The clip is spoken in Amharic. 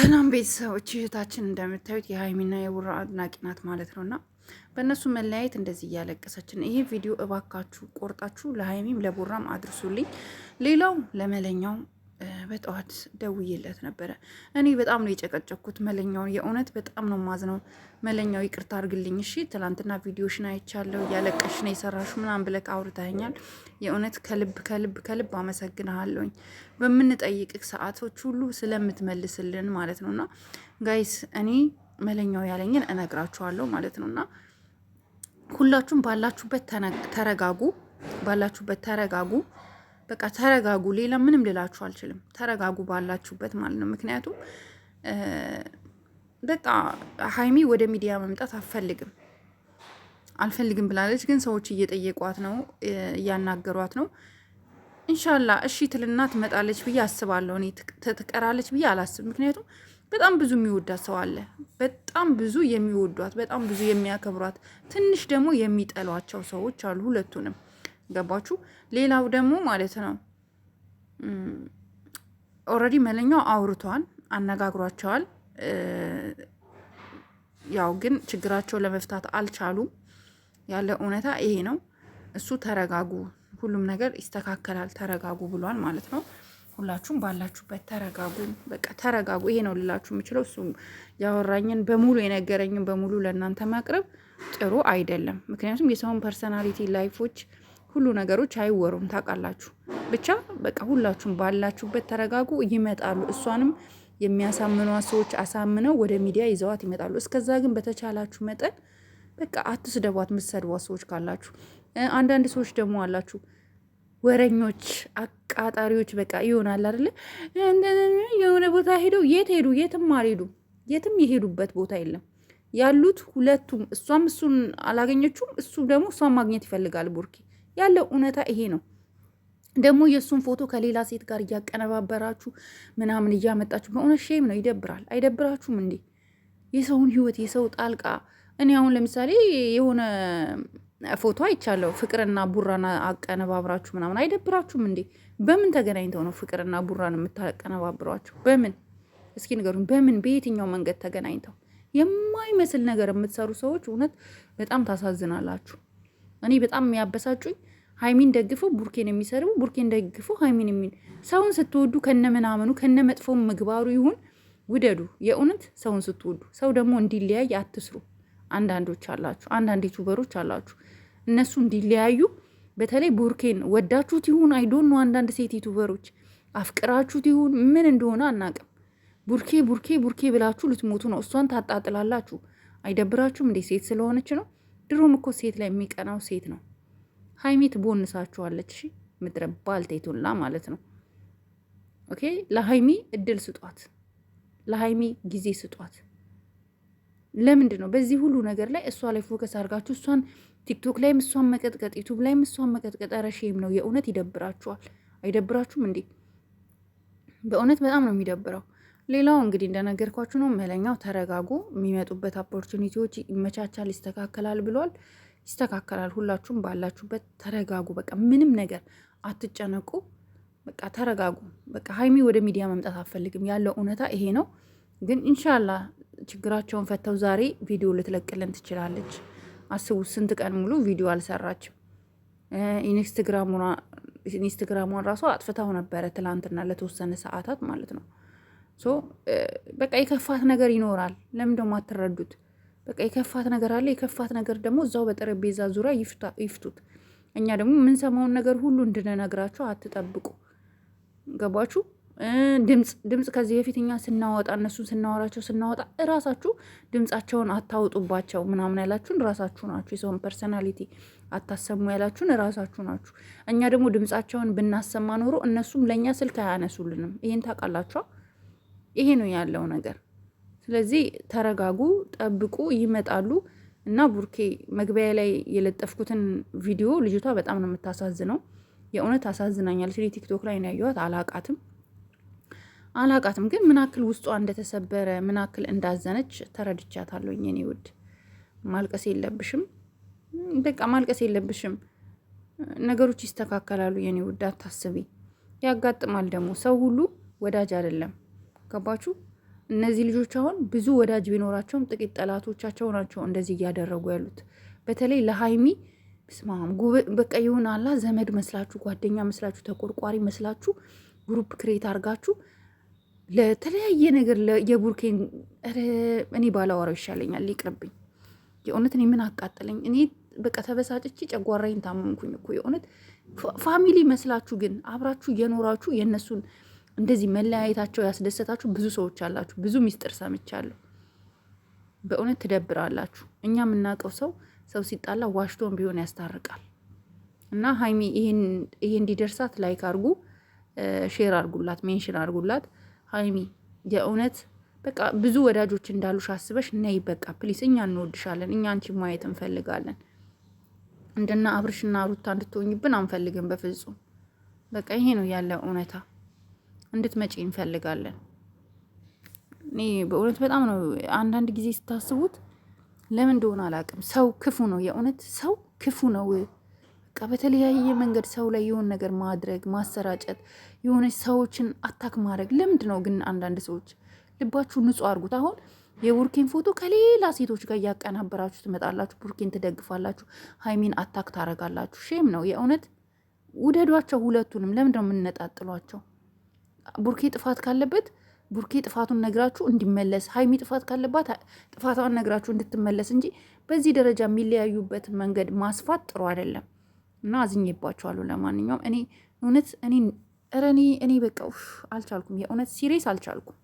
ሰላም ቤተሰቦች፣ እህታችን እንደምታዩት የሀይሚና የቡራ አድናቂ ናት ማለት ነው እና በእነሱ መለያየት እንደዚህ እያለቀሰችን ይሄ ቪዲዮ እባካችሁ ቆርጣችሁ ለሀይሚም ለቡራም አድርሱልኝ። ሌላው ለመለኛው በጠዋት ደውዬለት ነበረ። እኔ በጣም ነው የጨቀጨኩት መለኛውን። የእውነት በጣም ነው ማዝነው። መለኛው ይቅርታ አድርግልኝ እሺ። ትላንትና ቪዲዮሽን አይቻለሁ ያለቀሽ ነው የሰራሹ ምናምን ብለህ አውርተኸኛል። የእውነት ከልብ ከልብ ከልብ አመሰግንሃለሁኝ በምንጠይቅህ ሰዓቶች ሁሉ ስለምትመልስልን ማለት ነውና ጋይስ እኔ መለኛው ያለኝን እነግራችኋለሁ ማለት ነውና ሁላችሁም ባላችሁበት ተረጋጉ፣ ባላችሁበት ተረጋጉ። በቃ ተረጋጉ። ሌላ ምንም ልላችሁ አልችልም። ተረጋጉ ባላችሁበት ማለት ነው። ምክንያቱም በቃ ሀይሚ ወደ ሚዲያ መምጣት አልፈልግም አልፈልግም ብላለች፣ ግን ሰዎች እየጠየቋት ነው፣ እያናገሯት ነው። እንሻላ እሺ ትልና ትመጣለች ብዬ አስባለሁ። እኔ ትቀራለች ብዬ አላስብ። ምክንያቱም በጣም ብዙ የሚወዳት ሰው አለ። በጣም ብዙ የሚወዷት፣ በጣም ብዙ የሚያከብሯት፣ ትንሽ ደግሞ የሚጠሏቸው ሰዎች አሉ ሁለቱንም ገባችሁ? ሌላው ደግሞ ማለት ነው ኦልሬዲ መለኛው አውርቷል፣ አነጋግሯቸዋል። ያው ግን ችግራቸው ለመፍታት አልቻሉም። ያለ እውነታ ይሄ ነው። እሱ ተረጋጉ፣ ሁሉም ነገር ይስተካከላል፣ ተረጋጉ ብሏል ማለት ነው። ሁላችሁም ባላችሁበት ተረጋጉ፣ በቃ ተረጋጉ። ይሄ ነው ልላችሁ የምችለው። እሱ ያወራኝን በሙሉ የነገረኝን በሙሉ ለእናንተ ማቅረብ ጥሩ አይደለም። ምክንያቱም የሰውን ፐርሰናሊቲ ላይፎች ሁሉ ነገሮች አይወሩም ታውቃላችሁ። ብቻ በቃ ሁላችሁም ባላችሁበት ተረጋጉ፣ ይመጣሉ። እሷንም የሚያሳምኗት ሰዎች አሳምነው ወደ ሚዲያ ይዘዋት ይመጣሉ። እስከዛ ግን በተቻላችሁ መጠን በቃ አትስደቧት። የምትሰድቧት ሰዎች ካላችሁ አንዳንድ ሰዎች ደግሞ አላችሁ ወረኞች፣ አቃጣሪዎች በቃ ይሆናል አይደለ? የሆነ ቦታ ሄደው የት ሄዱ? የትም አልሄዱ። የትም የሄዱበት ቦታ የለም ያሉት ሁለቱም። እሷም እሱን አላገኘችውም፣ እሱ ደግሞ እሷን ማግኘት ይፈልጋል ቡርኪ ያለው እውነታ ይሄ ነው። ደግሞ የእሱን ፎቶ ከሌላ ሴት ጋር እያቀነባበራችሁ ምናምን እያመጣችሁ በእውነት ሼም ነው። ይደብራል። አይደብራችሁም እንዴ? የሰውን ህይወት የሰው ጣልቃ እኔ አሁን ለምሳሌ የሆነ ፎቶ አይቻለሁ። ፍቅርና ቡራን አቀነባብራችሁ ምናምን አይደብራችሁም እንዴ? በምን ተገናኝተው ነው ፍቅርና ቡራን የምታቀነባብሯቸው? በምን እስኪ ንገሩኝ። በምን በየትኛው መንገድ ተገናኝተው? የማይመስል ነገር የምትሰሩ ሰዎች እውነት በጣም ታሳዝናላችሁ። እኔ በጣም የሚያበሳጩኝ ሀይሚን ደግፎ ቡርኬን የሚሰርቡ ቡርኬን ደግፎ ሀይሚን የሚል ሰውን ስትወዱ ከነ ምናምኑ ከነ መጥፎ ምግባሩ ይሁን ውደዱ። የእውነት ሰውን ስትወዱ ሰው ደግሞ እንዲለያይ አትስሩ። አንዳንዶች አላችሁ፣ አንዳንድ ዩቱበሮች አላችሁ፣ እነሱ እንዲለያዩ በተለይ ቡርኬን ወዳችሁት ይሁን አይዶኑ አንዳንድ ሴት ዩቱበሮች አፍቅራችሁት ይሁን ምን እንደሆነ አናቅም። ቡርኬ ቡርኬ ቡርኬ ብላችሁ ልትሞቱ ነው። እሷን ታጣጥላላችሁ። አይደብራችሁም እንዴ? ሴት ስለሆነች ነው። ድሮም እኮ ሴት ላይ የሚቀናው ሴት ነው። ሀይሚ ትቦንሳችኋለች። እሺ ምድረ ባልቴቱላ ማለት ነው። ኦኬ ለሀይሚ እድል ስጧት፣ ለሀይሚ ጊዜ ስጧት። ለምንድን ነው በዚህ ሁሉ ነገር ላይ እሷ ላይ ፎከስ አድርጋችሁ እሷን ቲክቶክ ላይም እሷን መቀጥቀጥ፣ ዩቱብ ላይም እሷን መቀጥቀጥ? ኧረ ሼም ነው የእውነት ይደብራችኋል። አይደብራችሁም እንዴ? በእውነት በጣም ነው የሚደብረው። ሌላው እንግዲህ እንደነገርኳችሁ ነው። መለኛው ተረጋጉ፣ የሚመጡበት ኦፖርቹኒቲዎች ይመቻቻል፣ ይስተካከላል ብሏል። ይስተካከላል። ሁላችሁም ባላችሁበት ተረጋጉ። በቃ ምንም ነገር አትጨነቁ። በቃ ተረጋጉ። በቃ ሀይሚ ወደ ሚዲያ መምጣት አትፈልግም ያለው እውነታ ይሄ ነው። ግን እንሻላ ችግራቸውን ፈተው ዛሬ ቪዲዮ ልትለቅልን ትችላለች። አስቡ፣ ስንት ቀን ሙሉ ቪዲዮ አልሰራችም። ኢንስታግራሟን ራሷ አጥፍታው ነበረ ትላንትና ለተወሰነ ሰዓታት ማለት ነው። ሶ በቃ የከፋት ነገር ይኖራል። ለምን ደግሞ አትረዱት? በቃ የከፋት ነገር አለ። የከፋት ነገር ደግሞ እዛው በጠረጴዛ ዙሪያ ይፍቱት። እኛ ደግሞ የምንሰማውን ነገር ሁሉ እንድንነግራቸው አትጠብቁ። ገባችሁ? ድምፅ ድምፅ ከዚህ በፊት እኛ ስናወጣ እነሱን ስናወራቸው ስናወጣ እራሳችሁ ድምፃቸውን አታውጡባቸው ምናምን ያላችሁን እራሳችሁ ናችሁ። የሰውን ፐርሰናሊቲ አታሰሙ ያላችሁን እራሳችሁ ናችሁ። እኛ ደግሞ ድምፃቸውን ብናሰማ ኖሮ እነሱም ለእኛ ስልክ አያነሱልንም። ይሄን ታውቃላችኋ። ይሄ ነው ያለው ነገር። ስለዚህ ተረጋጉ፣ ጠብቁ፣ ይመጣሉ እና ቡርኬ መግቢያ ላይ የለጠፍኩትን ቪዲዮ ልጅቷ በጣም ነው የምታሳዝነው። የእውነት አሳዝናኛለች። እኔ ቲክቶክ ላይ ነው ያየኋት። አላቃትም አላቃትም፣ ግን ምናክል ውስጧ እንደተሰበረ ምናክል አክል እንዳዘነች ተረድቻታለሁ። የኔ ውድ ማልቀስ የለብሽም በቃ ማልቀስ የለብሽም። ነገሮች ይስተካከላሉ የኔ ውድ አታስቢ። ያጋጥማል ደግሞ ሰው ሁሉ ወዳጅ አይደለም። ገባችሁ? እነዚህ ልጆች አሁን ብዙ ወዳጅ ቢኖራቸውም ጥቂት ጠላቶቻቸው ናቸው እንደዚህ እያደረጉ ያሉት። በተለይ ለሀይሚ ስማም በቃ የሆነ አላ ዘመድ መስላችሁ፣ ጓደኛ መስላችሁ፣ ተቆርቋሪ መስላችሁ ግሩፕ ክሬት አድርጋችሁ ለተለያየ ነገር የቡርኬን እኔ ባላወራው ይሻለኛል፣ ይቅርብኝ። የእውነት እኔ ምን አቃጠለኝ? እኔ በቃ ተበሳጭቼ ጨጓራዬን ታመምኩኝ እኮ የእውነት ፋሚሊ መስላችሁ ግን አብራችሁ እየኖራችሁ የእነሱን እንደዚህ መለያየታቸው ያስደሰታችሁ ብዙ ሰዎች አላችሁ። ብዙ ሚስጥር ሰምቻለሁ። በእውነት ትደብራላችሁ። እኛ የምናውቀው ሰው ሰው ሲጣላ ዋሽቶን ቢሆን ያስታርቃል። እና ሀይሚ ይሄ እንዲደርሳት ላይክ አርጉ፣ ሼር አርጉላት፣ ሜንሽን አርጉላት። ሀይሚ የእውነት በቃ ብዙ ወዳጆች እንዳሉሽ አስበሽ ነይ። በቃ ፕሊስ፣ እኛ እንወድሻለን። እኛ አንቺ ማየት እንፈልጋለን። እንደና አብርሽና ሩታ እንድትሆኝብን አንፈልግም በፍጹም። በቃ ይሄ ነው ያለ እውነታ። እንድትመጪ እንፈልጋለን። እኔ በእውነት በጣም ነው አንዳንድ ጊዜ ስታስቡት ለምን እንደሆነ አላውቅም። ሰው ክፉ ነው፣ የእውነት ሰው ክፉ ነው። በቃ በተለያየ መንገድ ሰው ላይ የሆነ ነገር ማድረግ፣ ማሰራጨት፣ የሆነች ሰዎችን አታክ ማድረግ ለምንድ ነው ግን? አንዳንድ ሰዎች ልባችሁ ንጹሕ አድርጉት። አሁን የቡርኬን ፎቶ ከሌላ ሴቶች ጋር እያቀናበራችሁ ትመጣላችሁ፣ ቡርኬን ትደግፋላችሁ፣ ሀይሚን አታክ ታረጋላችሁ። ሼም ነው የእውነት ውደዷቸው ሁለቱንም። ለምንድነው ነው የምንነጣጥሏቸው? ቡርኬ ጥፋት ካለበት ቡርኬ ጥፋቱን ነግራችሁ እንዲመለስ፣ ሀይሚ ጥፋት ካለባት ጥፋቷን ነግራችሁ እንድትመለስ እንጂ በዚህ ደረጃ የሚለያዩበት መንገድ ማስፋት ጥሩ አይደለም እና አዝኜባችኋለሁ። ለማንኛውም እኔ እውነት እኔ እኔ በቃ አልቻልኩም፣ የእውነት ሲሬስ አልቻልኩም።